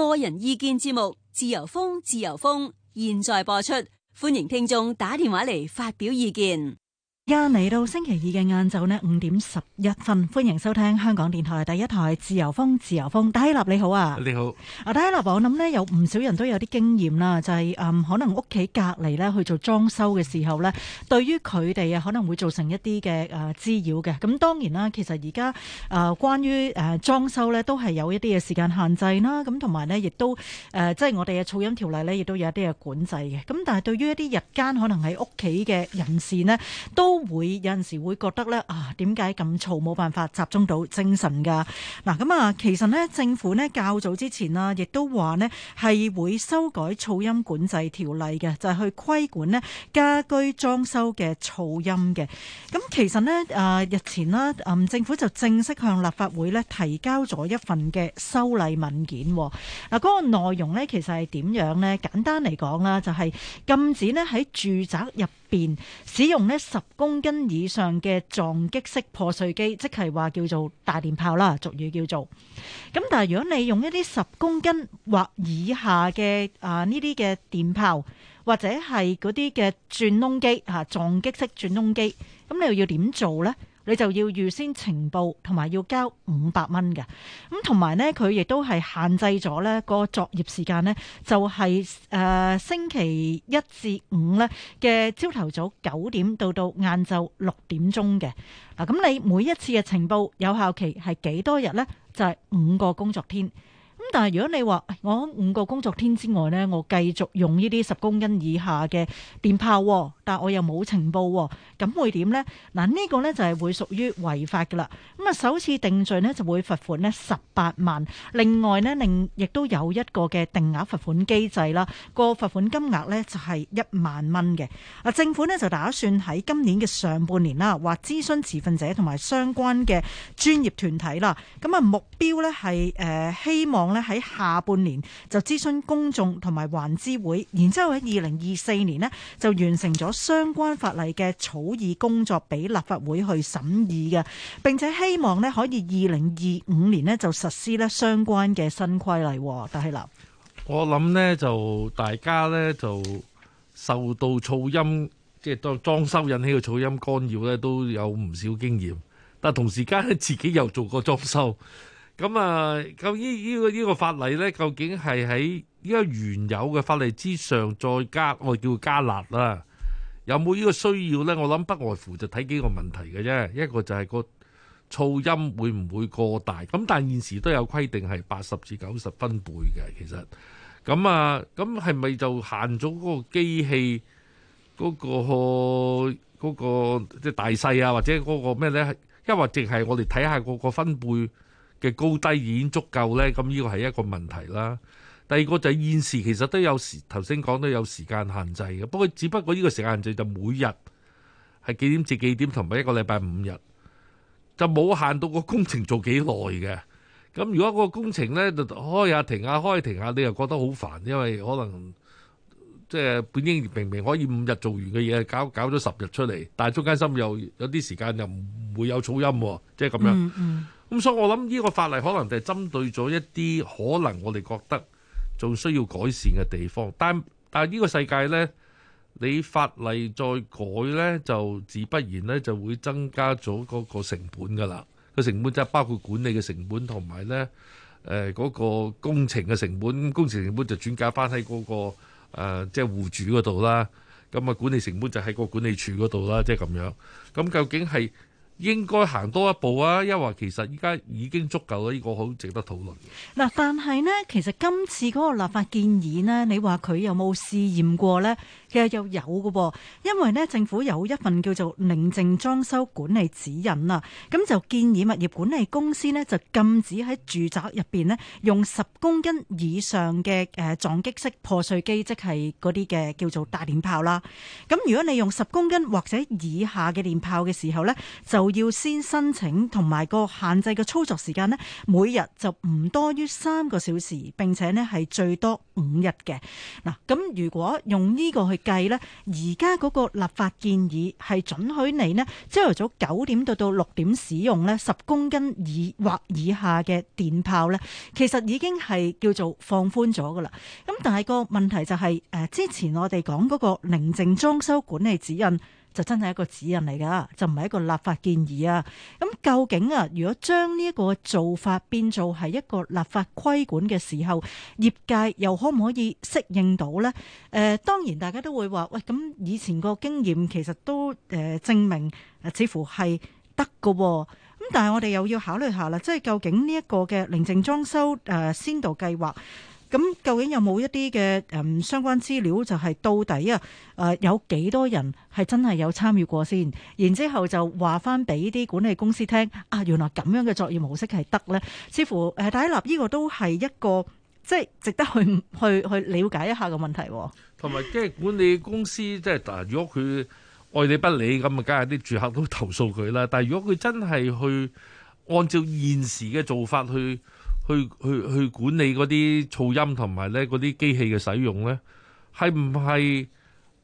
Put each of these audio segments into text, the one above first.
個人意見節目，自由風，自由風，現在播出，歡迎聽眾打電話嚟發表意見。而家嚟到星期二嘅晏晝呢，五點十一分，歡迎收聽香港電台第一台自由風。自由風，大立立你好啊！你好，啊戴立我諗呢有唔少人都有啲經驗啦，就係、是、可能屋企隔籬呢去做裝修嘅時候呢，對於佢哋啊可能會造成一啲嘅誒滋擾嘅。咁當然啦，其實而家誒關於誒裝修呢都係有一啲嘅時間限制啦。咁同埋呢，亦都誒即係我哋嘅噪音條例呢，亦都有一啲嘅管制嘅。咁但係對於一啲日間可能喺屋企嘅人士呢。都。會有陣時會覺得咧啊，點解咁嘈，冇辦法集中到精神噶？嗱，咁啊，其實呢，政府呢較早之前啊，亦都話呢係會修改噪音管制條例嘅，就係、是、去規管呢家居裝修嘅噪音嘅。咁其實呢，誒、呃、日前啦，嗯，政府就正式向立法會呢提交咗一份嘅修例文件。嗱，嗰個內容呢，其實係點樣呢？簡單嚟講啦，就係禁止呢喺住宅入邊使用呢十公公斤以上嘅撞擊式破碎機，即係話叫做大電炮啦，俗語叫做。咁但係如果你用一啲十公斤或以下嘅啊呢啲嘅電炮，或者係嗰啲嘅轉窿機啊撞擊式轉窿機，咁你又要點做呢？你就要預先呈報，同埋要交五百蚊嘅。咁同埋呢，佢亦都係限制咗呢個作業時間呢就係、是呃、星期一至五呢嘅朝頭早九點到到晏晝六點鐘嘅。嗱，咁你每一次嘅呈報有效期係幾多日呢？就係、是、五個工作天。咁但係如果你話我五個工作天之外咧，我繼續用呢啲十公斤以下嘅電炮，但我又冇情報，咁會點咧？嗱、這、呢個咧就係會屬於違法嘅啦。咁啊，首次定罪咧就會罰款咧十八萬，另外咧另亦都有一個嘅定額罰款機制啦。個罰款金額咧就係一萬蚊嘅。啊，政府咧就打算喺今年嘅上半年啦，話諮詢持份者同埋相關嘅專業團體啦。咁啊目標咧係誒希望。咧，喺下半年就諮詢公眾同埋環資會，然之後喺二零二四年呢，就完成咗相關法例嘅草擬工作俾立法會去審議嘅，並且希望呢，可以二零二五年呢，就實施咧相關嘅新規例。但係啦，我諗呢，就大家呢，就受到噪音，即係當裝修引起嘅噪音干擾呢，都有唔少經驗，但同時間自己又做過裝修。咁啊，咁呢呢個呢個法例呢，究竟係喺呢個原有嘅法例之上再加，我叫加辣啦。有冇呢個需要呢？我諗不外乎就睇幾個問題嘅啫。一個就係個噪音會唔會過大？咁但現時都有規定係八十至九十分貝嘅，其實咁啊，咁係咪就限咗嗰個機器嗰、嗰個嗰即係大細啊，或者嗰個咩呢？因為淨係我哋睇下嗰個分貝。嘅高低已經足夠呢。咁呢個係一個問題啦。第二個就係現時其實都有時頭先講都有時間限制嘅，不過只不過呢個時間限制就每日係幾點至幾點，同埋一個禮拜五日就冇限到個工程做幾耐嘅。咁如果個工程呢，就開下停下開下停下，你又覺得好煩，因為可能即係本應明明可以五日做完嘅嘢，搞搞咗十日出嚟，但係中間心又有啲時間又唔會有噪音，即係咁樣。嗯嗯咁所以我諗呢個法例可能就係針對咗一啲可能我哋覺得仲需要改善嘅地方，但但呢個世界咧，你法例再改咧，就自不然咧就會增加咗嗰個成本噶啦。個成本就係包括管理嘅成本同埋咧，誒嗰個工程嘅成本，工程成本就轉嫁翻喺嗰個誒即係戶主嗰度啦。咁啊管理成本就喺個管理處嗰度啦，即係咁樣。咁究竟係？應該行多一步啊！因為其實依家已經足夠啦，呢個好值得討論嘅。嗱，但係呢，其實今次嗰個立法建議呢，你話佢有冇試驗過呢？其實又有嘅，因為政府有一份叫做《寧靜裝修管理指引》啦，咁就建議物業管理公司呢，就禁止喺住宅入面呢，用十公斤以上嘅誒撞擊式破碎機，即係嗰啲嘅叫做大電炮啦。咁如果你用十公斤或者以下嘅電炮嘅時候呢，就要先申請同埋個限制嘅操作時間呢，每日就唔多於三個小時，並且呢係最多五日嘅。嗱，咁如果用呢個去計咧，而家嗰個立法建議係准許你咧，朝頭早九點到到六點使用咧，十公斤以或以下嘅電炮咧，其實已經係叫做放寬咗㗎喇。咁但係個問題就係、是，誒之前我哋講嗰個寧靜裝修管理指引。就真係一個指引嚟噶，就唔係一個立法建議啊。咁究竟啊，如果將呢一個做法變做係一個立法規管嘅時候，業界又可唔可以適應到呢？誒、呃，當然大家都會話，喂，咁以前個經驗其實都誒、呃、證明誒，似乎係得噶，咁但係我哋又要考慮下啦，即係究竟呢一個嘅寧靜裝修誒、呃、先導計劃。咁究竟有冇一啲嘅誒相關資料，就係到底啊誒、呃、有幾多人係真係有參與過先？然之後就話翻俾啲管理公司聽啊，原來咁樣嘅作業模式係得咧。似乎誒，戴立立依個都係一個即係值得去去去了解一下嘅問題，同埋即係管理公司，即係嗱、呃，如果佢愛理不理咁啊，梗係啲住客都投訴佢啦。但係如果佢真係去按照現時嘅做法去。去去去管理嗰啲噪音同埋咧嗰啲機器嘅使用咧，係唔係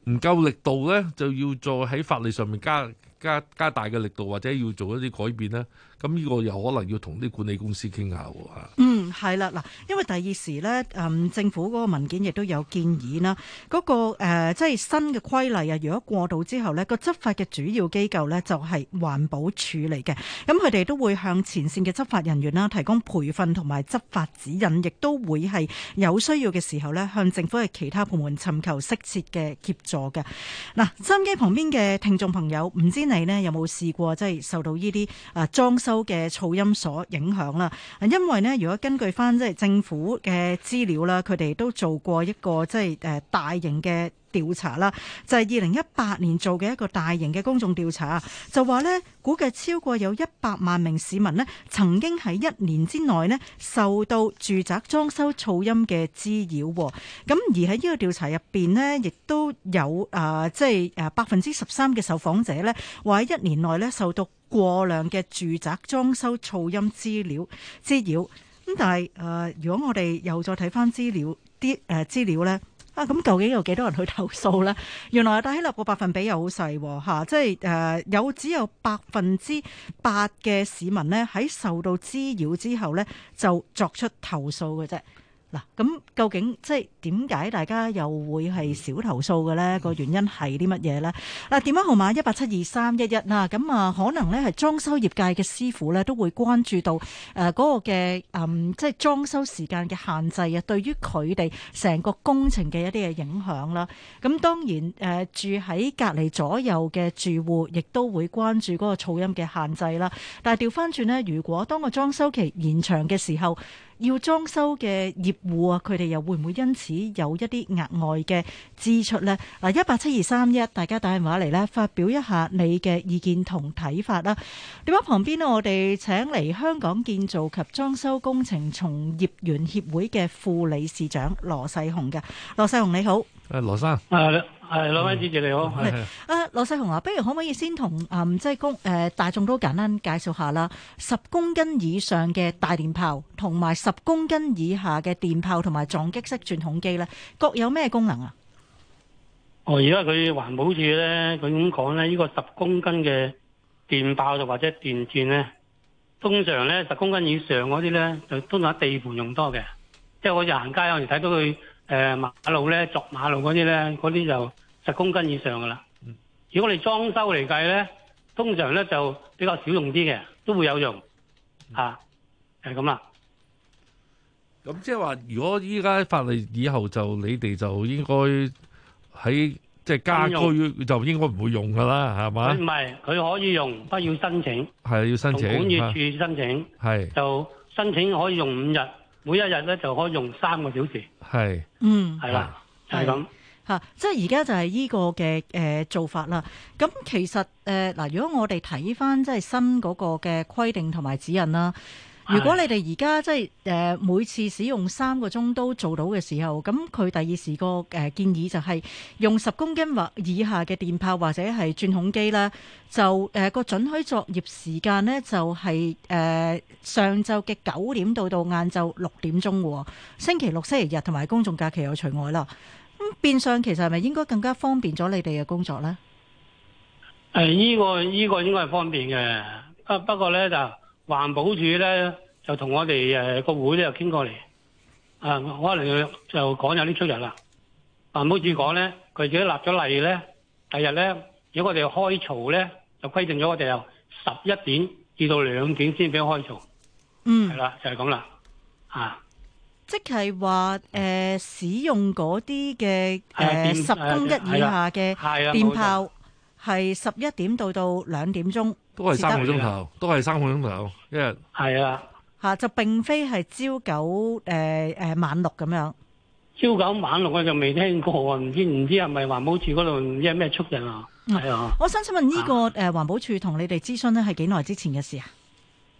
唔夠力度咧？就要再喺法律上面加加加大嘅力度，或者要做一啲改變咧？咁呢個又可能要同啲管理公司傾下喎嚇嗯，係啦，嗱，因為第二時咧，嗯，政府嗰個文件亦都有建議啦，嗰、嗰個、呃、即係新嘅規例啊。如果過渡之後咧，個執法嘅主要機構咧就係環保署嚟嘅。咁佢哋都會向前線嘅執法人員啦提供培訓同埋執法指引，亦都會係有需要嘅時候咧向政府嘅其他部門尋求適切嘅協助嘅。嗱、啊，收音機旁邊嘅聽眾朋友，唔知你咧有冇試過即係受到呢啲啊裝修嘅噪音所影響啦，因為呢，如果根據翻即係政府嘅資料啦，佢哋都做過一個即係誒大型嘅調查啦，就係二零一八年做嘅一個大型嘅公眾調查，就話呢，估計超過有一百萬名市民呢曾經喺一年之內呢受到住宅裝修噪音嘅滋擾喎，咁、呃、而喺呢個調查入邊呢，亦都有啊，即係誒百分之十三嘅受訪者呢，話喺一年內呢，受到過量嘅住宅裝修噪音資料滋擾，咁但係誒、呃，如果我哋又再睇翻資料啲誒資料咧，啊咁究竟有幾多人去投訴咧？原來大希立個百分比又好細吓，即係誒、呃、有只有百分之八嘅市民咧喺受到滋擾之後咧就作出投訴嘅啫。嗱，咁究竟即係點解大家又會係少投訴嘅呢？個原因係啲乜嘢呢？嗱，電話號碼一八七二三一一啦。咁啊，可能咧係裝修業界嘅師傅咧都會關注到誒、那、嗰個嘅誒，即、嗯、係、就是、裝修時間嘅限制啊，對於佢哋成個工程嘅一啲嘅影響啦。咁當然誒住喺隔離左右嘅住戶，亦都會關注嗰個噪音嘅限制啦。但係調翻轉呢，如果當個裝修期延長嘅時候，要裝修嘅業戶啊，佢哋又會唔會因此有一啲額外嘅支出呢？嗱，一八七二三一，大家打電話嚟咧，發表一下你嘅意見同睇法啦。電話旁邊咧，我哋請嚟香港建造及裝修工程從業員協會嘅副理事長羅世雄嘅，羅世雄你好。誒，羅生。Hello. 係，兩位主持，你好。係、嗯、啊，羅世雄啊，不如可唔可以先同誒、嗯，即係公誒、呃、大眾都簡單介紹下啦。十公斤以上嘅大電炮同埋十公斤以下嘅電炮同埋撞擊式鑽筒機咧，各有咩功能啊？哦，而家佢環保處咧，佢咁講咧，呢個十公斤嘅電炮就或者電鑽咧，通常咧十公斤以上嗰啲咧，就都係地盤用多嘅，即係好似行街有時睇到佢。誒馬路咧，鑿馬路嗰啲咧，嗰啲就十公斤以上噶啦。如果我哋裝修嚟計咧，通常咧就比較少用啲嘅，都會有用嚇，係咁啦。咁即係話，如果依家法律以後就你哋就應該喺即係家居就應該唔會用噶啦，係咪？唔係，佢可以用，不過要申請。係要申請，管業處申請，係就申請可以用五日。每一日咧就可以用三個小時，係，嗯，係啦，就係咁嚇，即係而家就係呢個嘅誒做法啦。咁其實誒嗱、呃，如果我哋睇翻即係新嗰個嘅規定同埋指引啦。如果你哋而家即係每次使用三個鐘都做到嘅時候，咁佢第二時個建議就係用十公斤或以下嘅電炮或者係鑽孔機啦。就誒個准許作業時間呢，就係上晝嘅九點到到晏晝六點鐘喎。星期六、星期日同埋公眾假期又除外啦。咁變相其實係咪應該更加方便咗你哋嘅工作呢？誒、這個，呢個依個應該係方便嘅，不不過呢，就。環保署咧就同我哋誒個會咧又傾過嚟。啊、嗯、我可能就講有啲出入啦。環保署講咧，佢自己立咗例咧，第二日咧如果我哋開槽咧，就規定咗我哋由十一點至到兩點先俾開槽。嗯，係啦，就係咁啦，吓、啊，即係話誒使用嗰啲嘅誒十公一以下嘅電炮。係十一點到到兩點鐘，都係三個鐘頭，都係三個鐘頭一日。係啊，吓，就並非係朝九誒誒、呃、晚六咁樣。朝九晚六我就未聽過不，不是，不是，不啊，唔知唔知係咪環保署嗰度有咩出入啊？係、嗯、啊。我想請問呢個誒環保署同你哋諮詢咧係幾耐之前嘅事啊？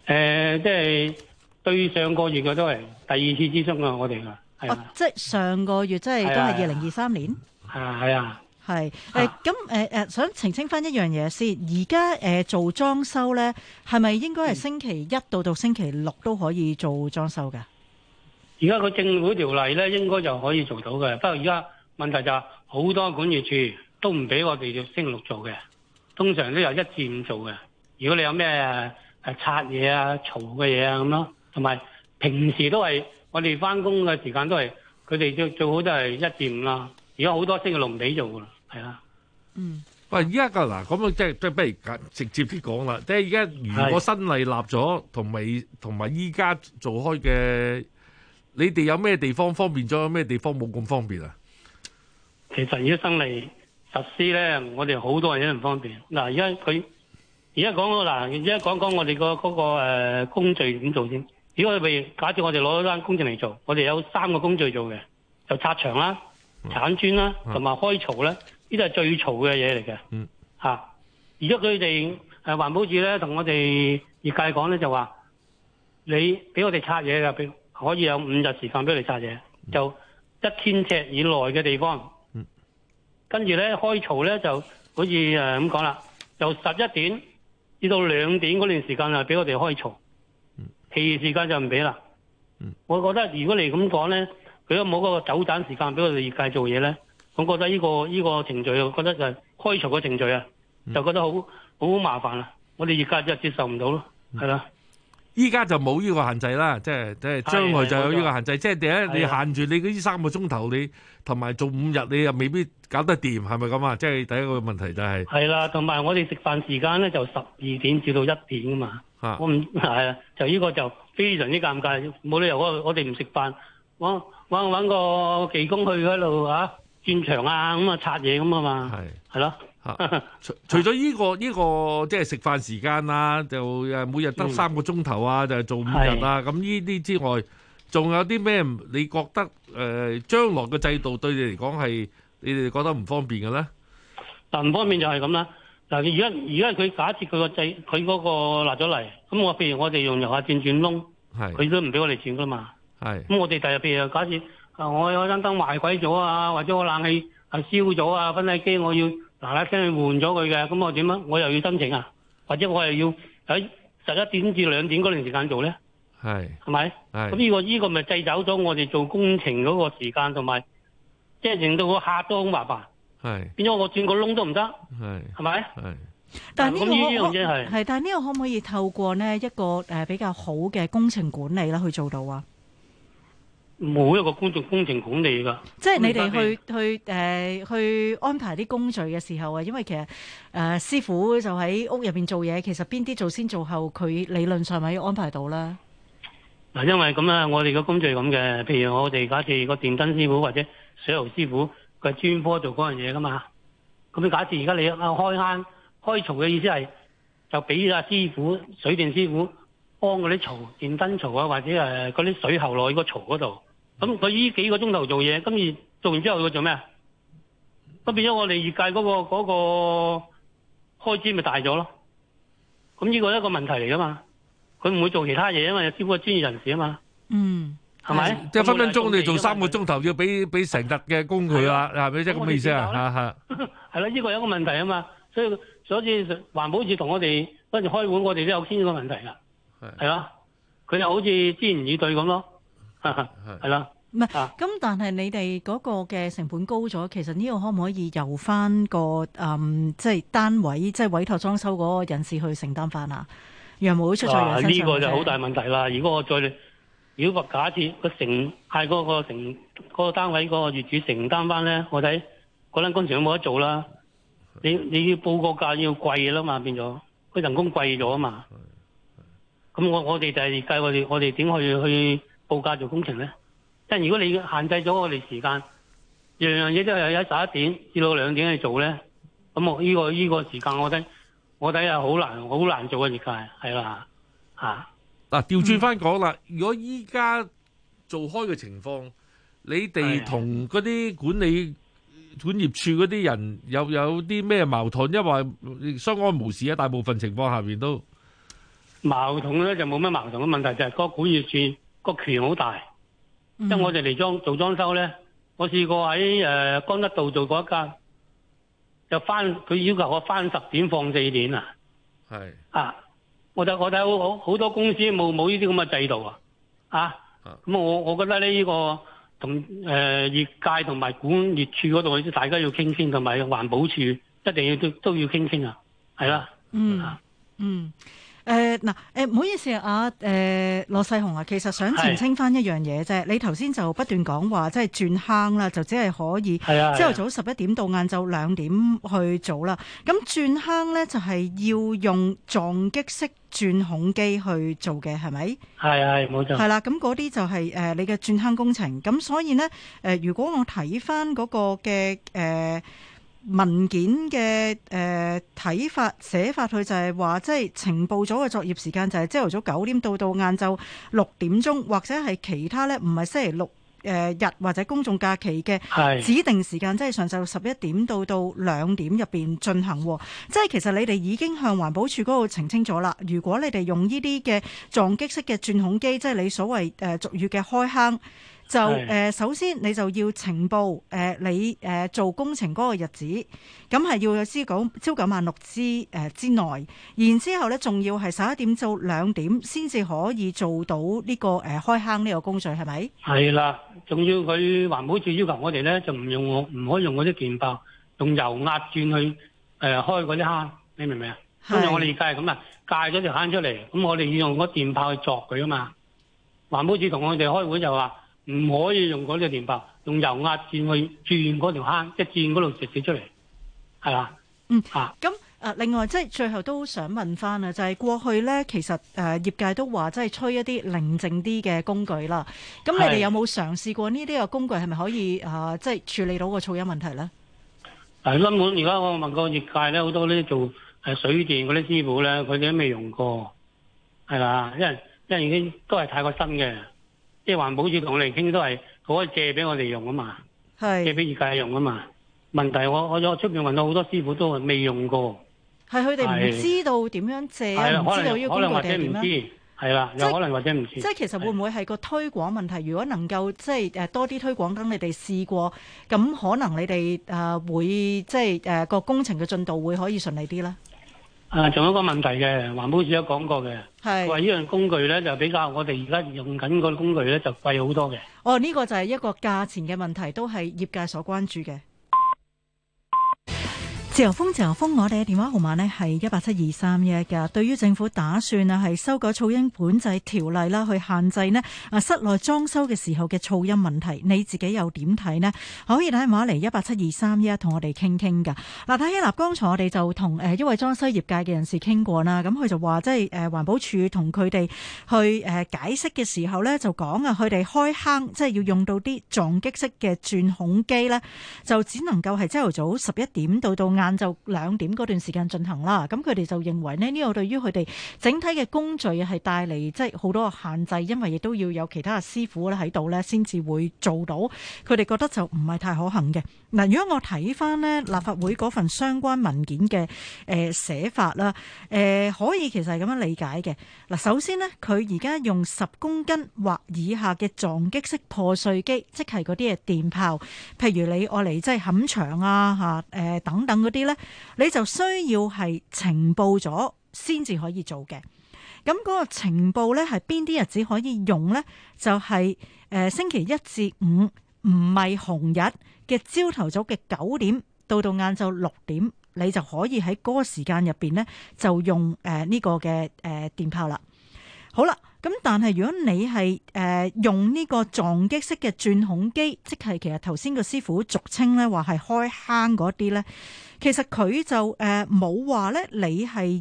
誒、啊，即、就、係、是、對上個月嘅都係第二次諮詢啊，我哋啊。即係上個月，即係都係二零二三年。係啊，係啊。係，誒、啊、咁、啊呃、想澄清翻一樣嘢先。而家、呃、做裝修咧，係咪應該係星期一到到星期六都可以做裝修㗎？而家個政府條例咧，應該就可以做到嘅。不過而家問題就係、係、好多管業處都唔俾我哋要星期六做嘅，通常都有一至五做嘅。如果你有咩誒拆嘢啊、嘈嘅嘢啊咁咯，同埋平時都係我哋翻工嘅時間都係佢哋最最好都係一至五啦。而家好多星期六唔俾做噶啦。係啦，嗯，喂，依家個嗱咁樣即係即係，不如直接啲講啦。即係而家如果新例立咗，同埋同埋依家做開嘅，你哋有咩地方方便咗，有咩地方冇咁方便啊？其實而家新例實施咧，我哋好多人有唔方便。嗱，而家佢，而家講嗰嗱，而家講講我哋個嗰個誒工序點做先。如果譬如假設我哋攞咗單工程嚟做，我哋有三個工序做嘅，就拆牆啦、鏟磚啦，同、嗯、埋開槽咧。呢啲係最嘈嘅嘢嚟嘅，嗯，吓、啊，而家佢哋誒環保署咧同我哋業界講咧就話，你俾我哋拆嘢嘅，俾可以有五日時間俾我哋拆嘢，就一千尺以內嘅地方，嗯，跟住咧開槽咧就好似誒咁講啦，由十一點至到兩點嗰段時間啊俾我哋開槽，其、嗯、餘時間就唔俾啦。嗯，我覺得如果你咁講咧，佢都冇嗰個走盞時間俾我哋業界做嘢咧？我覺得依個依個程序，我覺得就係開除嘅程序啊，就覺得好好麻煩啦。我哋而家就接受唔到咯，係啦。依家就冇依個限制啦，即係即係將來就有依個限制。即係第一，你限住你依三個鐘頭，你同埋做五日，你又未必搞得掂，係咪咁啊？即係第一個問題就係。係啦，同埋我哋食飯時間咧就十二點至到一點㗎嘛。吓，我唔係啊，就依個就非常之尷尬，冇理由我我哋唔食飯，搵搵搵個技工去嗰度啊。鑽牆啊，咁啊拆嘢咁啊嘛，係係咯。 除除咗依個呢、呢個即係食飯時間啊，就誒每日得三個鐘頭啊，就做五日啊。咁呢啲之外，仲有啲咩？你覺得誒、呃、將來嘅制度對你嚟講係你哋覺得唔方便嘅咧？但唔方便就係咁啦。嗱，而家而家佢假設佢個制，佢嗰個立咗嚟，咁我譬如我哋用油壓電轉轉窿，佢都唔俾我哋轉噶嘛。係咁，我哋第日譬如假設。我有盞燈壞鬼咗啊，或者我冷氣係燒咗啊，分體機我要嗱嗱聲去換咗佢嘅，咁我點樣？我又要申請啊？或者我又要喺十一點至兩點嗰段時間做咧？係係咪？係咁呢個呢個咪擠走咗我哋做工程嗰個時間，同埋即係令到我客都好麻煩係變咗我轉個窿都唔得？係係咪？係但係呢個可係但係呢個可唔可以透過呢一個誒比較好嘅工程管理啦去做到啊？冇一個工作工程管理噶，即係你哋去去誒、呃、去安排啲工序嘅時候啊，因為其實誒、呃、師傅就喺屋入邊做嘢，其實邊啲做先做後，佢理論上咪要安排到啦。嗱，因為咁啊，我哋嘅工序咁嘅，譬如我哋假設個電燈師傅或者水喉師傅，佢係專科做嗰樣嘢噶嘛。咁你假設而家你開坑開槽嘅意思係就俾阿師傅水電師傅幫嗰啲槽電燈槽啊，或者誒嗰啲水喉內個槽嗰度。咁佢依幾個鐘頭做嘢，咁而做完之後佢做咩？咁變咗我哋業界嗰、那個嗰、那個開支咪大咗咯？咁呢個係一個問題嚟噶嘛？佢唔會做其他嘢啊嘛，只乎個專業人士啊嘛。嗯，係咪？即係分分鐘你做三個鐘頭要俾俾成日嘅工具啊係咪即係咁嘅意思啊？係啦、啊，呢、 啊這個有一個問題啊嘛、啊，所以所以環保署同我哋跟住開會，我哋都有先個問題噶、啊，係、啊啊、咯，佢就好似支吾以對咁咯。係啦，唔係咁，但係你哋嗰個嘅成本高咗，啊，其實呢個可唔可以由翻個誒，即、嗯、係、就是、單位，即、就、係、是、委託裝修嗰個人士去承擔翻啊？楊會出晒人呢個就好大問題啦！如果我再如果假設，嗰個承係、嗰個個承、嗰個單位個業主承擔翻咧，我睇嗰工程有冇得做啦。你你要報個價要貴嘅啦嘛，變咗佢人工貴咗啊嘛。咁我哋就計我哋就係計我哋我哋點去去。去報價做工程咧，即係如果你限制咗我哋時間，樣樣嘢都係由十一點至到兩點去做咧，咁我呢個呢、呢個時間我覺得，我睇我睇下好難好難做嘅業界係啦吓。嗱，調、啊、轉翻講啦、嗯，如果依家做開嘅情況，你哋同嗰啲管理、管理、管業處嗰啲人又有啲咩矛盾？因為相安無事啊，大部分情況下邊都矛盾咧就冇咩矛盾嘅問題，就係、是、個管業處。個權好大，因為我哋嚟裝做裝修咧、嗯，我試過喺誒乾德道做過一間，就返佢要求我返十點放四點啊，係啊，我睇我睇好好，好多公司冇冇呢啲咁嘅制度啊，嚇咁、嗯、我我覺得呢、呢個同誒業界同埋管業處嗰度大家要傾清，同埋環保署一定要都都要傾清、嗯、啊，係啦，嗯嗯。誒嗱誒唔好意思啊，誒、呃、羅世雄啊，其實想澄清翻一樣嘢啫，你頭先就不斷講話即係鑽坑啦，就只係可以朝頭早十一點到晏晝兩點去做啦。咁鑽坑咧就係、是、要用撞擊式鑽孔機去做嘅，係咪？係啊，冇錯。係啦，咁嗰啲就係、是、誒、呃、你嘅鑽坑工程。咁所以呢，誒、呃，如果我睇翻嗰個嘅誒。呃文件嘅誒睇法寫法，佢就係話，即係情報組嘅作業時間就係朝頭早九點到到晏晝六點鐘，或者係其他呢，唔係星期六誒日、呃、或者公眾假期嘅指定時間，是即係上晝十一點到到兩點入邊進行。即係其實你哋已經向環保署嗰度澄清咗啦。如果你哋用呢啲嘅撞擊式嘅鑽孔機，即係你所謂誒俗、呃、語嘅開坑」。就誒，首先你就要呈報誒、呃，你誒、呃、做工程嗰個日子，咁係要有知講朝九晚六之誒之內，然之後咧仲要係十一點到兩點先至可以做到呢、這個誒、呃、開坑呢個工序，係咪？係啦，仲要佢環保署要求我哋咧，就唔用我唔可以用嗰啲電炮，用油壓轉去誒、呃、開嗰啲坑，你明唔明啊？咁我哋而家係咁啊，界咗條坑出嚟，咁我哋要用嗰電炮去鑿佢啊嘛。環保署同我哋開會就話，唔可以用嗰隻電白，用油壓鑽去鑽嗰條坑，即係鑽嗰度直接出嚟，係啦，嗯啊，咁啊，另外即係最後都想問翻、就是、啊，就係過去咧，其實誒業界都話即係吹一啲寧靜啲嘅工具啦。咁你哋有冇嘗試過呢啲嘅工具，係咪可以啊，即係處理到個噪音問題咧？誒，根本而家我問過業界咧，好多呢做誒水電嗰啲師傅咧，佢哋都未用過，係啦，因為因為已經都係太過新嘅。即係環保署同我哋傾都係可以借俾我哋用啊嘛，借俾業界用啊嘛。問題我我我出面搵到好多師傅都係未用過，係佢哋唔知道點樣借、啊，唔知道呢個工具係點樣，係啦，有可能或者唔知，又可能或者唔知。即係其實會唔會係個推廣問題？如果能夠即係誒多啲推廣，等你哋試過，咁可能你哋誒、呃、會即係誒個工程嘅進度會可以順利啲咧。啊，仲有一個問題嘅，環保署有講過嘅，話呢樣工具呢就比較我哋而家用緊個工具呢就貴好多嘅。哦，呢個就係一個價錢嘅問題，都係業界所關注嘅。自由風，自由風，我哋嘅電話號碼呢係一八七二三一㗎。對於政府打算啊，係修改噪音管制條例啦，去限制呢啊室內裝修嘅時候嘅噪音問題，你自己又點睇呢？可以打電話嚟一八七二三一同我哋傾傾㗎。嗱，睇起立，剛才我哋就同誒一位裝修業界嘅人士傾過啦。咁佢就話即係誒環保署同佢哋去誒解釋嘅時候呢，就講啊，佢哋開坑即係要用到啲撞擊式嘅鑽孔機呢，就只能夠係朝頭早十一點到到晏晝兩點嗰段時間進行啦，咁佢哋就認為咧呢個對於佢哋整體嘅工序係帶嚟即係好多個限制，因為亦都要有其他嘅師傅咧喺度咧先至會做到，佢哋覺得就唔係太可行嘅。嗱，如果我睇翻咧立法會嗰份相關文件嘅誒寫法啦，誒可以其實係咁樣理解嘅。嗱，首先呢，佢而家用十公斤或以下嘅撞擊式破碎機，即係嗰啲嘅電炮，譬如你愛嚟即係冚牆啊嚇誒等等嗰啲。啲咧，你就需要係情報咗先至可以做嘅。咁嗰個情報咧，係邊啲日子可以用咧？就係誒星期一至五唔係紅日嘅朝頭早嘅九點到到晏晝六點，你就可以喺嗰個時間入邊咧就用誒呢個嘅誒電炮啦。好啦，咁但係如果你係誒用呢個撞擊式嘅鑽孔機，即係其實頭先個師傅俗稱咧話係開坑嗰啲咧。其實佢就誒冇話咧，你係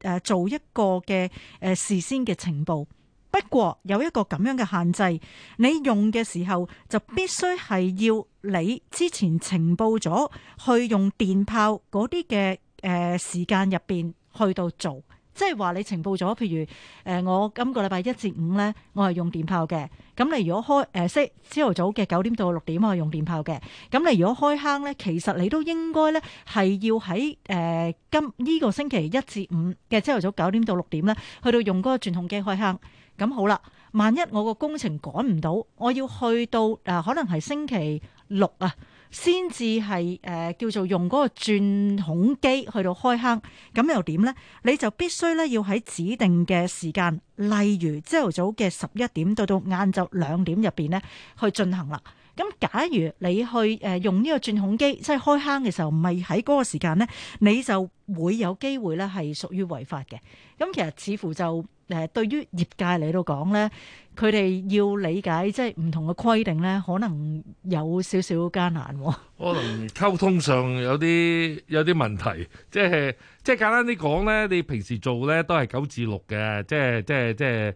要誒做一個嘅誒事先嘅情報。不過有一個咁樣嘅限制，你用嘅時候就必須係要你之前情報咗去用電炮嗰啲嘅誒時間入邊去到做。即係話你情報咗，譬如誒，我今個禮拜一至五咧，我係用電炮嘅。咁你如果開誒，即朝頭早嘅九點到六點，我係用電炮嘅。咁你如果開坑咧，其實你都應該咧係要喺誒、呃、今呢、這個星期一至五嘅朝頭早九點到六點咧，去到用嗰個轉控機開坑。咁好啦，萬一我個工程趕唔到，我要去到誒、呃，可能係星期六啊。先至係誒叫做用嗰個鑽孔機去到開坑，咁又點呢？你就必須咧要喺指定嘅時間，例如朝頭早嘅十一點到到晏晝兩點入邊呢去進行啦。咁假如你去誒、呃、用呢個鑽孔機，即係開坑嘅時候，唔係喺嗰個時間呢，你就會有機會呢係屬於違法嘅。咁其實似乎就。誒對於業界嚟到講咧，佢哋要理解即係唔同嘅規定咧，可能有少少艱難。可能溝通上有啲有啲問題，即係即係簡單啲講咧，你平時做咧都係九至六嘅，即係即係即係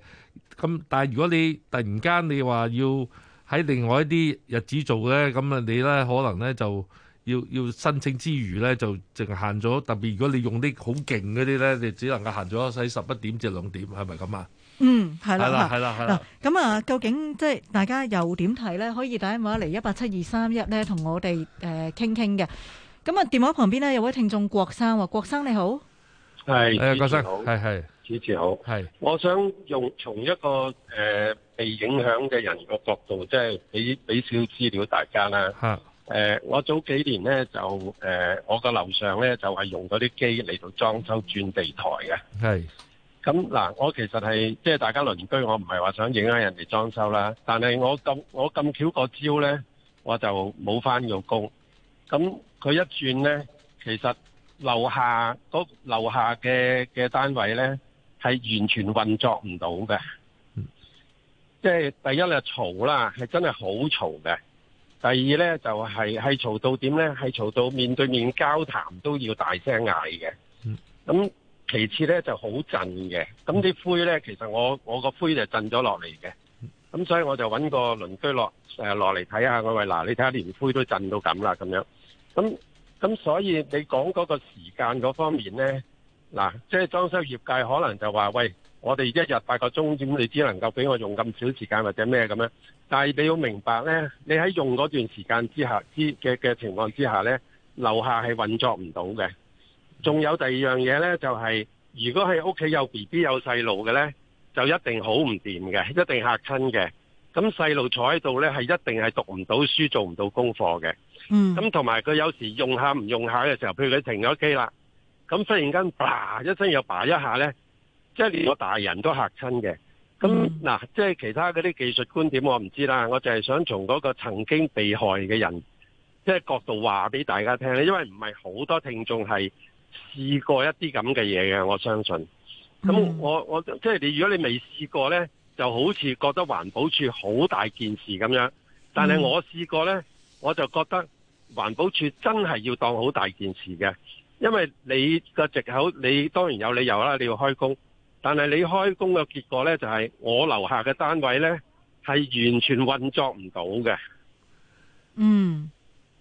咁。但係如果你突然間你話要喺另外一啲日子做咧，咁啊你咧可能咧就。要要申請之餘咧，就淨限咗。特別如果你用啲好勁嗰啲咧，你只能夠限咗喺十一點至兩點，係咪咁啊？嗯，係啦，係啦，係啦。嗱，咁啊，究竟即係大家又點睇咧？可以打電話嚟一八七二三一咧，同我哋誒傾傾嘅。咁、呃、啊，電話旁邊呢，有位聽眾郭生話：郭生你好，係，你、呃、郭生，好，係，係主持好。係，我想用從一個誒、呃、被影響嘅人個角度，即係，俾俾少資料大家啦。啊誒、呃，我早幾年咧就誒、呃，我個樓上咧就係用嗰啲機嚟到裝修轉地台嘅。係，咁嗱，我其實係即係大家鄰居我我，我唔係話想影響人哋裝修啦，但係我咁我咁巧個招咧，我就冇翻個工。咁佢一轉咧，其實樓下嗰樓、那個、下嘅嘅單位咧係完全運作唔到嘅。即係第一咧嘈啦，係真係好嘈嘅。第二咧就係係嘈到點咧？係嘈到面對面交談都要大聲嗌嘅。咁其次咧就好震嘅。咁啲灰咧，其實我我個灰就震咗落嚟嘅。咁所以我就搵個鄰居落落嚟睇下，我，喂，嗱，你睇下連灰都震到咁啦咁樣。咁咁所以你講嗰個時間嗰方面咧，嗱，即係裝修業界可能就話喂。我哋一日八個鐘，點你只能夠俾我用咁少時間，或者咩咁樣。但係你要明白呢，你喺用嗰段時間之下之嘅嘅情況之下呢，樓下係運作唔到嘅。仲有第二樣嘢呢，就係、是、如果喺屋企有 B B 有細路嘅呢，就一定好唔掂嘅，一定嚇親嘅。咁細路坐喺度呢，係一定係讀唔到書，做唔到功課嘅。嗯。咁同埋佢有時用下唔用下嘅時候，譬如佢停咗機啦，咁忽然間，叭一聲又叭一下呢。即係連我大人都嚇親嘅，咁嗱，即、mm. 係其他嗰啲技術觀點我唔知啦，我淨係想從嗰個曾經被害嘅人，即、就、係、是、角度話俾大家聽，因為唔係好多聽眾係試過一啲咁嘅嘢嘅，我相信。咁我我即係你，如果你未試過咧，就好似覺得環保署好大件事咁樣。但係我試過咧，mm. 我就覺得環保署真係要當好大件事嘅，因為你個藉口你當然有理由啦，你要開工。但係你開工嘅結果呢，就係我樓下嘅單位呢，係完全運作唔到嘅。嗯，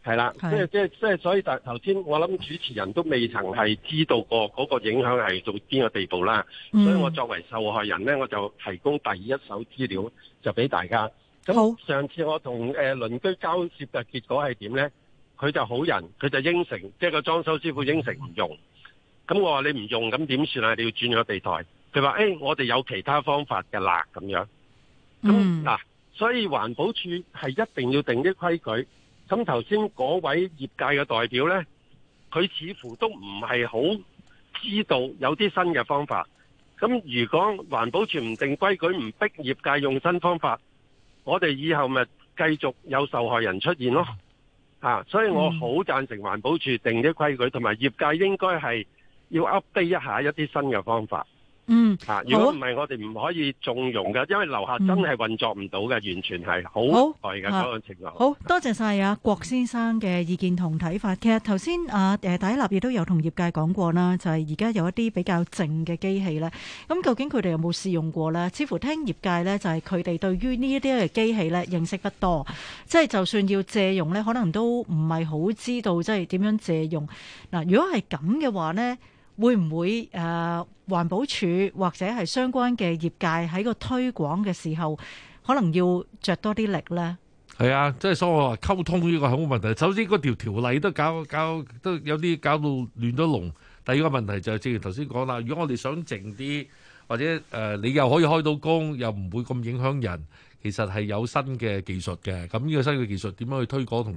係啦，即係即係所以頭先我諗主持人都未曾係知道過嗰個影響係到邊個地步啦、嗯。所以我作為受害人呢，我就提供第一手資料就俾大家。咁好，上次我同誒鄰居交涉嘅結果係點呢？佢就好人，佢就應承，即係個裝修師傅應承唔用。咁我話你唔用，咁點算啊？你要轉咗地台。佢話誒，我哋有其他方法嘅啦，咁樣咁嗱，嗯啊，所以環保署係一定要定啲規矩。咁頭先嗰位業界嘅代表呢，佢似乎都唔係好知道有啲新嘅方法。咁如果環保署唔定規矩，唔逼業界用新方法，我哋以後咪繼續有受害人出現咯啊！所以我好贊成環保署定啲規矩，同埋業界應該係要 update 一下一啲新嘅方法。嗯，啊，如果唔係我哋唔可以縱容噶因為樓下真係運作唔到嘅，完全係好耐嘅嗰個情況。好多謝晒阿郭先生嘅意見同睇法。其實頭先啊，誒、呃，戴立立亦都有同業界講過啦，就係而家有一啲比較靜嘅機器咧。咁究竟佢哋有冇試用過呢？似乎聽業界呢，就係佢哋對於呢一啲嘅機器呢，認識不多，即係就算要借用呢，可能都唔係好知道，即係點樣借用。嗱，如果係咁嘅話呢。會唔會誒環保署或者係相關嘅業界喺個推廣嘅時候，可能要著多啲力呢？係啊，即係所以我話溝通呢個係好問題。首先嗰條條例都搞搞都有啲搞到亂咗龍。第二個問題就係正如頭先講啦，如果我哋想靜啲，或者誒你又可以開到工，又唔會咁影響人，其實係有新嘅技術嘅。咁呢個新嘅技術點樣去推廣同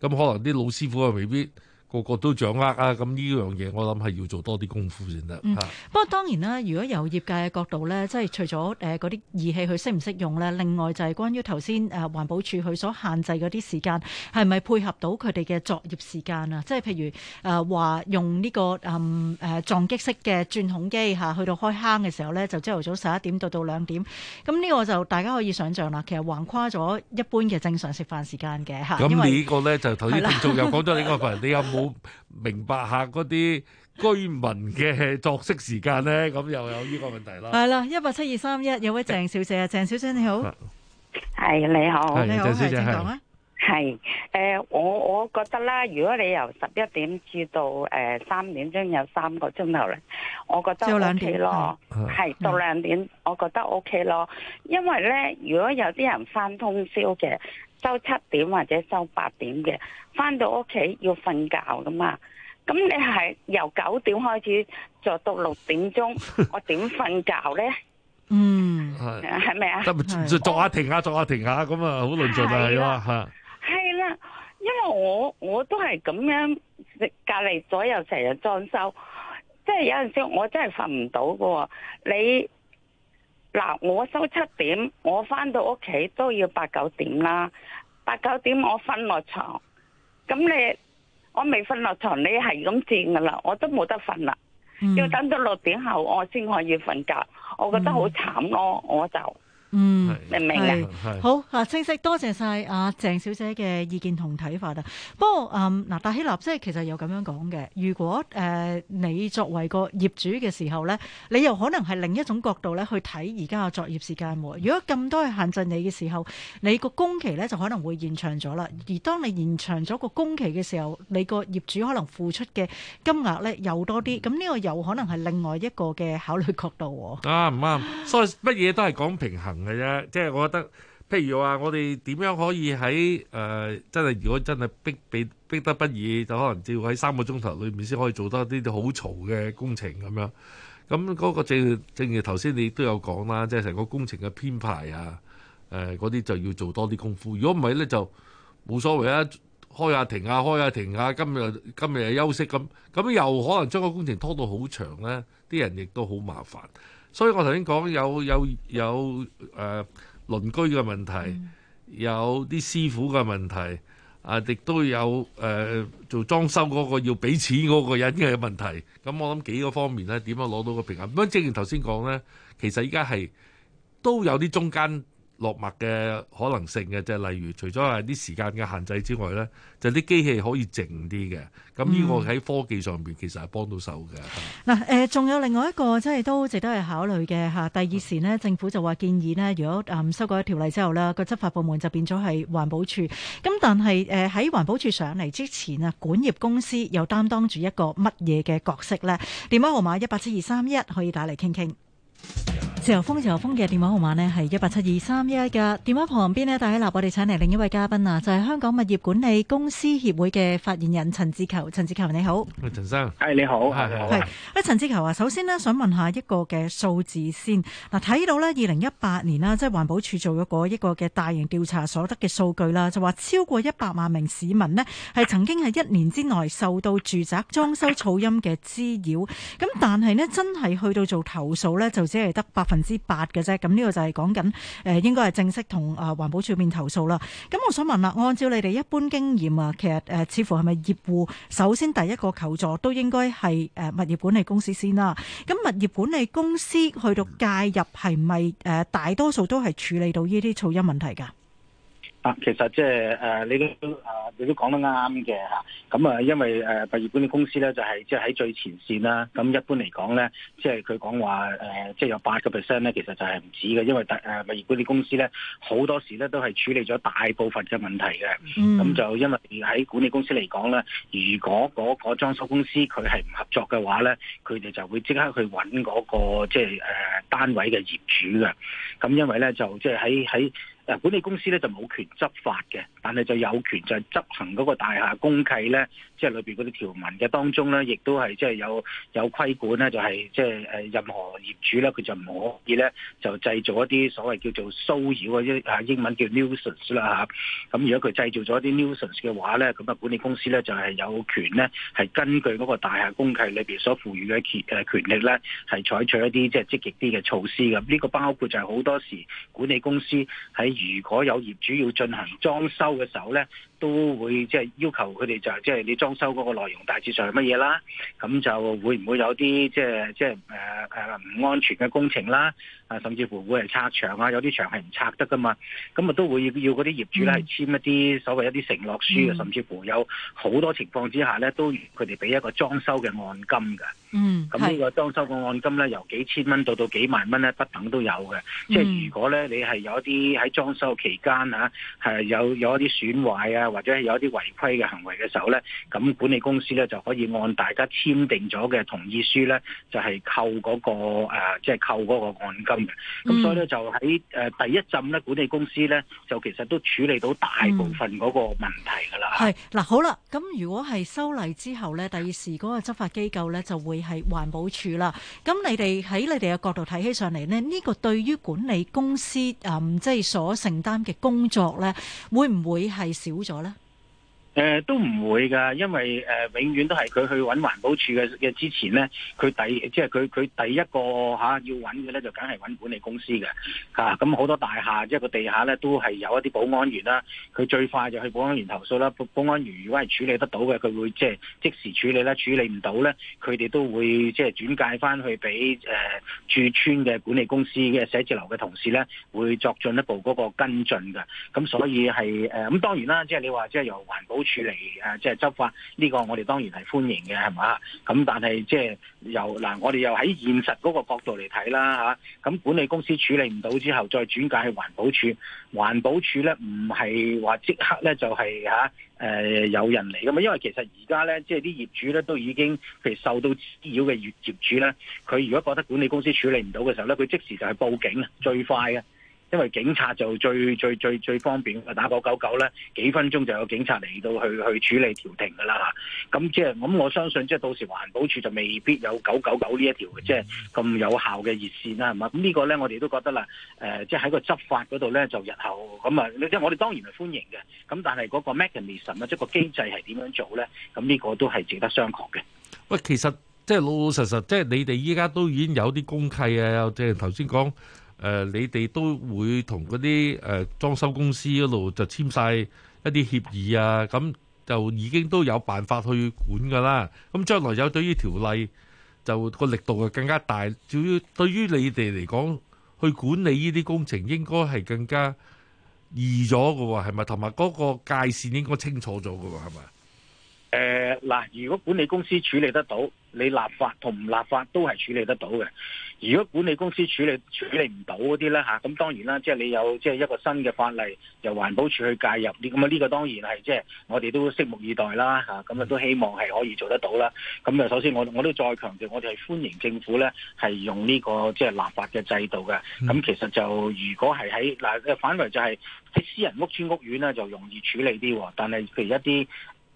咁？可能啲老師傅又未必。個個都掌握啊！咁呢樣嘢，我諗係要做多啲功夫先得，嗯。不過當然啦，如果有業界嘅角度咧，即係除咗嗰啲儀器佢識唔識用咧，另外就係關於頭先誒環保署佢所限制嗰啲時間，係咪配合到佢哋嘅作業時間啊？即係譬如誒話用呢，呢個、嗯、撞擊式嘅鑽孔機去到開坑嘅時候咧，就朝頭早十一點到到兩點。咁呢個就大家可以想象啦，其實橫跨咗一般嘅正常食飯時間嘅嚇。咁你呢個說又說個咧就頭先仲有又講咗啲乜嘢？你有冇？明白下嗰啲居民嘅作息時間咧，咁又有呢個問題啦。係啦，一八七二三一有位鄭小姐啊，鄭小姐你好，係你好，你好，鄭小姐，係誒，我我覺得啦，如果你由十一點至到誒三點鐘有三個鐘頭咧，我覺得到兩點咯，係到兩點，我覺得 OK 咯，因為咧，如果有啲人返通宵嘅。收七點或者收八點嘅，翻到屋企要瞓覺噶嘛？咁你係由九點開始做到六點鐘， 我點瞓覺咧？嗯，係係咪啊？做、啊、下停下，做下停下，咁啊好論盡啊，係嘛吓？係啦、啊啊，因為我我都係咁樣，隔籬左右成日裝修，即係有陣時我真係瞓唔到噶。你嗱，我收七點，我翻到屋企都要八九點啦。八九點我瞓落床，咁你我未瞓落床，你係咁鑽噶啦，我都冇得瞓啦，要等到六點後我先可以瞓覺，我覺得好慘咯，我就。嗯，明唔明啊？好，嗱，清晰，多謝晒阿鄭小姐嘅意見同睇法啊。不過，嗯，嗱，戴希立即係其實有咁樣講嘅。如果誒你作為個業主嘅時候咧，你又可能係另一種角度咧去睇而家嘅作業時間。如果咁多嘅限制你嘅時候，你個工期咧就可能會延長咗啦。而當你延長咗個工期嘅時候，你個業主可能付出嘅金額咧又多啲。咁、嗯、呢個又可能係另外一個嘅考慮角度。啊，唔啱。所以乜嘢都係講平衡。係啊，即係我覺得，譬如話，我哋點樣可以喺誒、呃、真係，如果真係逼逼，逼得不已，就可能要喺三個鐘頭裏面先可以做到一啲好嘈嘅工程咁樣。咁嗰、嗰個正如正如頭先你都有講啦，即係成個工程嘅編排啊，誒嗰啲就要做多啲功夫。如果唔係咧，就冇所謂啊，開下停呀，開下停呀，今日今日休息咁，咁又可能將個工程拖到好長咧，啲人亦都好麻煩。所以我頭先講有有有誒、呃、鄰居嘅問題，有啲師傅嘅問題，啊、呃，亦都有誒、呃、做裝修嗰、那個要俾錢嗰個人嘅問題。咁我諗幾個方面咧，點樣攞到個平衡？咁正如頭先講咧，其實依家係都有啲中間落墨嘅可能性嘅，就例如除咗係啲時間嘅限制之外咧，就啲機器可以靜啲嘅。咁呢個喺科技上面其實係幫到手嘅。嗱，誒仲有另外一個真係都值得去考慮嘅嚇。第二時咧，政府就話建議咧，如果誒修改條例之後啦，個執法部門就變咗係環保署。咁但係誒喺環保署上嚟之前啊，管業公司又擔當住一個乜嘢嘅角色咧？電話號碼一八七二三一可以打嚟傾傾。自由風，自由風嘅電話號碼呢係一八七二三一一噶。電話旁邊呢，大家嗱，我哋請嚟另一位嘉賓啊，就係、是、香港物業管理公司協會嘅發言人陳志球。陳志球你好，陳生，係你好，係係。喂，陳志球啊，首先呢，想問一下一個嘅數字先。嗱，睇到呢，二零一八年啦，即係環保署做咗個一個嘅大型調查所得嘅數據啦，就話超過一百萬名市民呢，係曾經係一年之內受到住宅裝修噪音嘅滋擾。咁但係呢，真係去到做投訴呢，就只係得百分。百分之八嘅啫，咁呢個就係講緊誒，應該係正式同啊環保署面投訴啦。咁我想問啦，按照你哋一般經驗啊，其實誒，似乎係咪業戶首先第一個求助都應該係誒物業管理公司先啦？咁物業管理公司去到介入係咪誒，大多數都係處理到呢啲噪音問題噶？啊，其實即係誒，你都誒、啊，你都講得啱嘅嚇。咁啊，因為誒、啊，物業管理公司咧，就係即係喺最前線啦。咁一般嚟講咧，即係佢講話誒，即、啊、係、就是、有八個 percent 咧，其實就係唔止嘅，因為誒物業管理公司咧，好多時咧都係處理咗大部分嘅問題嘅。咁、嗯、就因為喺管理公司嚟講咧，如果嗰、嗰個裝修公司佢係唔合作嘅話咧，佢哋就會即刻去揾嗰、嗰個即係誒單位嘅業主嘅。咁因為咧，就即係喺喺。管理公司咧就冇權執法嘅，但係就有權就係執行嗰個大廈公契咧，即係裏面嗰啲條文嘅當中咧，亦都係即係有有規管咧，就係，就係即係任何業主咧，佢就唔可以咧就製造一啲所謂叫做騷擾嗰啲啊，英文叫 nuisance 啦吓。咁如果佢製造咗啲 nuisance 嘅話咧，咁啊管理公司咧就係有權咧係根據嗰個大廈公契裏面所賦予嘅權力咧，係採取一啲即係積極啲嘅措施咁呢，呢個包括就係好多時管理公司喺如果有業主要進行裝修嘅時候咧，都會即係要求佢哋就係即係你裝修嗰個內容大致上係乜嘢啦，咁就會唔會有啲即係即係誒誒唔安全嘅工程啦，啊甚至乎會係拆牆啊，有啲牆係唔拆得噶嘛，咁啊都會要嗰啲業主咧係簽一啲所謂一啲承諾書啊、嗯，甚至乎有好多情況之下咧，都佢哋俾一個裝修嘅按金嘅，嗯，咁呢個裝修嘅按金咧由幾千蚊到到幾萬蚊咧，不等都有嘅、嗯，即係如果咧你係有一啲喺裝修期間啊，係有有一啲損壞啊。或者係有一啲違規嘅行為嘅時候咧，咁管理公司咧就可以按大家簽訂咗嘅同意書咧、那個，就係、是、扣嗰個誒，即係扣嗰個按金嘅。咁所以咧就喺誒第一陣咧，管理公司咧就其實都處理到大部分嗰個問題㗎啦。係、嗯、嗱，好啦，咁如果係修例之後咧，第二時嗰個執法機構咧就會係環保署啦。咁你哋喺你哋嘅角度睇起上嚟咧，呢、這個對於管理公司啊，即、嗯、係、就是、所承擔嘅工作咧，會唔會係少咗？誒、呃、都唔會㗎，因為誒、呃、永遠都係佢去搵環保署嘅嘅之前咧，佢第即係佢佢第一個吓、啊、要搵嘅咧，就梗係搵管理公司嘅。咁好多大廈即係個地下咧，都係有一啲保安員啦。佢最快就去保安員投訴啦。保安員如果係處理得到嘅，佢會即係即時處理啦。處理唔到咧，佢哋都會即係轉介翻去俾誒、呃、住邨嘅管理公司嘅寫字樓嘅同事咧，會作進一步嗰個跟進嘅。咁所以係誒咁當然啦，即係你話即係由環保。處理誒，即係執法呢、這個我們，就是啊，我哋當然係歡迎嘅，係嘛？咁但係即係由，嗱，我哋又喺現實嗰個角度嚟睇啦，吓，咁、啊啊、管理公司處理唔到之後，再轉介去環保署，環保署咧唔係話即刻咧就係，吓誒有人嚟㗎嘛？因為其實而家咧，即係啲業主咧都已經，譬如受到滋擾嘅業業主咧，佢如果覺得管理公司處理唔到嘅時候咧，佢即時就係報警啊，最快嘅。因為警察就最最最最方便，打九九九咧，幾分鐘就有警察嚟，到去去處理調停噶啦，咁即係咁我相信，即係到時環保署，就未必有九九九呢一條即係咁有效嘅熱線啦，係嘛？咁呢個咧，我哋都覺得啦，誒、呃，即係喺個執法嗰度咧，就日後咁啊，即係我哋當然係歡迎嘅，咁但係嗰個 mechanism 啊，即係個機制係點樣做咧？咁呢個都係值得商榷嘅。喂，其實即係老老實實，即係你哋依家都已經有啲公契啊，即係頭先講。誒、呃，你哋都會同嗰啲誒裝修公司嗰度就簽晒一啲協議啊，咁就已經都有辦法去管噶啦。咁、嗯、將來有對於條例就個力度就更加大，至於對於你哋嚟講，去管理呢啲工程應該係更加易咗㗎喎，係咪？同埋嗰個界線應該清楚咗㗎喎，係咪？誒，嗱，如果管理公司處理得到，你立法同唔立法都係處理得到嘅。如果管理公司處理處理唔到嗰啲咧吓，咁、啊、當然啦，即係你有即係一個新嘅法例，由環保署去介入啲，咁啊呢個當然係即係我哋都拭目以待啦吓，咁啊都希望係可以做得到啦。咁啊，首先我我都再強調，我哋係歡迎政府咧係用呢、這個即係立法嘅制度嘅。咁其實就如果係喺嗱，反而就係喺私人屋邨屋苑咧就容易處理啲，但係譬如一啲。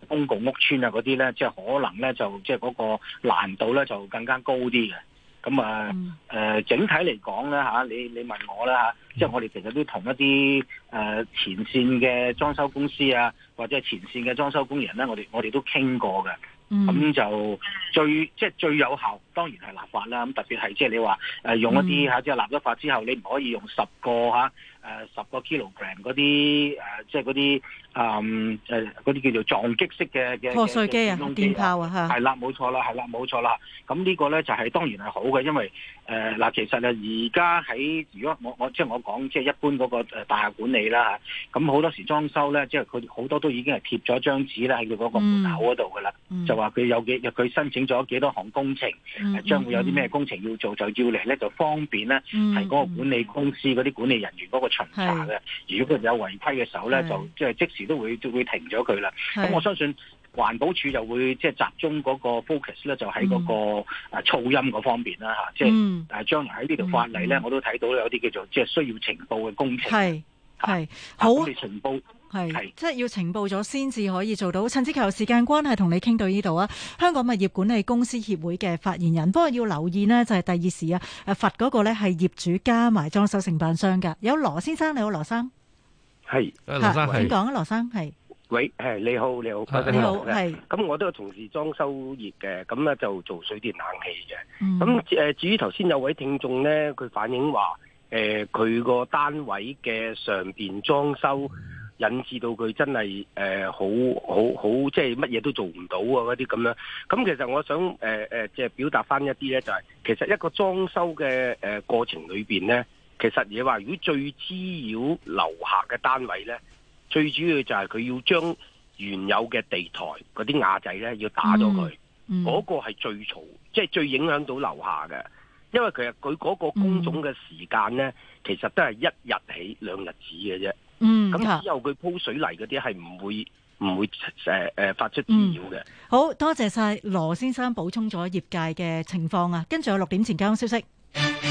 公共屋邨啊，嗰啲咧，即係可能咧，就即係嗰個難度咧，就更加高啲嘅。咁啊，誒、嗯，整體嚟講咧，吓，你你問我啦吓，即係我哋其實都同一啲誒前綫嘅裝修公司啊，或者係前綫嘅裝修工人咧，我哋我哋都傾過嘅。咁，嗯，就最即係最有效，當然係立法啦，咁特別係即係你話用一啲嚇，即係立咗法之後，你唔可以用十個十、嗯啊、個 kilogram 嗰啲即係嗰啲誒嗰啲叫做撞擊式嘅嘅破碎機啊，電炮啊嚇，係啦，冇錯啦，係啦，冇錯啦。咁呢、嗯、個咧就係當然係好嘅，因為嗱、呃，其實啊，而家喺如果我我即係我講即係一般嗰個大廈管理啦嚇，咁好多時裝修咧，即係佢好多都已經係貼咗張紙咧喺佢嗰個門口嗰度噶啦，就話佢有幾佢申請咗幾多項工程。將會有啲咩工程要做，就要嚟咧就方便咧，係、嗯、嗰個管理公司嗰啲管理人員嗰個巡查嘅。如果佢有違規嘅時候咧，就即係即，即時都會就會停咗佢啦。咁我相信環保署就會即係集中嗰個 focus 咧，就喺嗰個噪音嗰方面啦嚇，即係將來喺呢條法例咧、嗯，我都睇到有啲叫做即係需要情報嘅工程，係係好、啊、情報係，即係要情報咗先至可以做到。陳志球，時間關係同你傾到呢度啊！香港物業管理公司協會嘅發言人，不過要留意呢，就係、是、第二事啊。誒，罰嗰個呢係業主加埋裝修承辦商噶。有羅先生，你好，羅生。係，羅生，請講啊，羅生係。喂，係你好，你好，你好，係。咁我都有從事裝修業嘅，咁咧就做水電冷氣嘅。咁、嗯、誒，至於頭先有位聽眾呢，佢反映話，誒、呃，佢個單位嘅上邊裝修。引致到佢真係誒、呃、好好好，即係乜嘢都做唔到啊！嗰啲咁樣，咁其實我想誒誒即係表達翻一啲咧，就是，就係其實一個裝修嘅誒過程裏邊咧，其實你話如果最滋擾樓下嘅單位咧，最主要就係佢要將原有嘅地台嗰啲瓦仔咧要打咗佢，嗰、嗯嗰個，係最嘈，即係最影響到樓下嘅。因為其實佢嗰個工種嘅時間咧、嗯，其實都係一日起兩日子嘅啫。嗯，咁之後佢鋪水泥嗰啲係唔會唔、嗯、會誒誒發出滋擾嘅。好多謝晒羅先生補充咗業界嘅情況啊。跟住有六點前交通消息。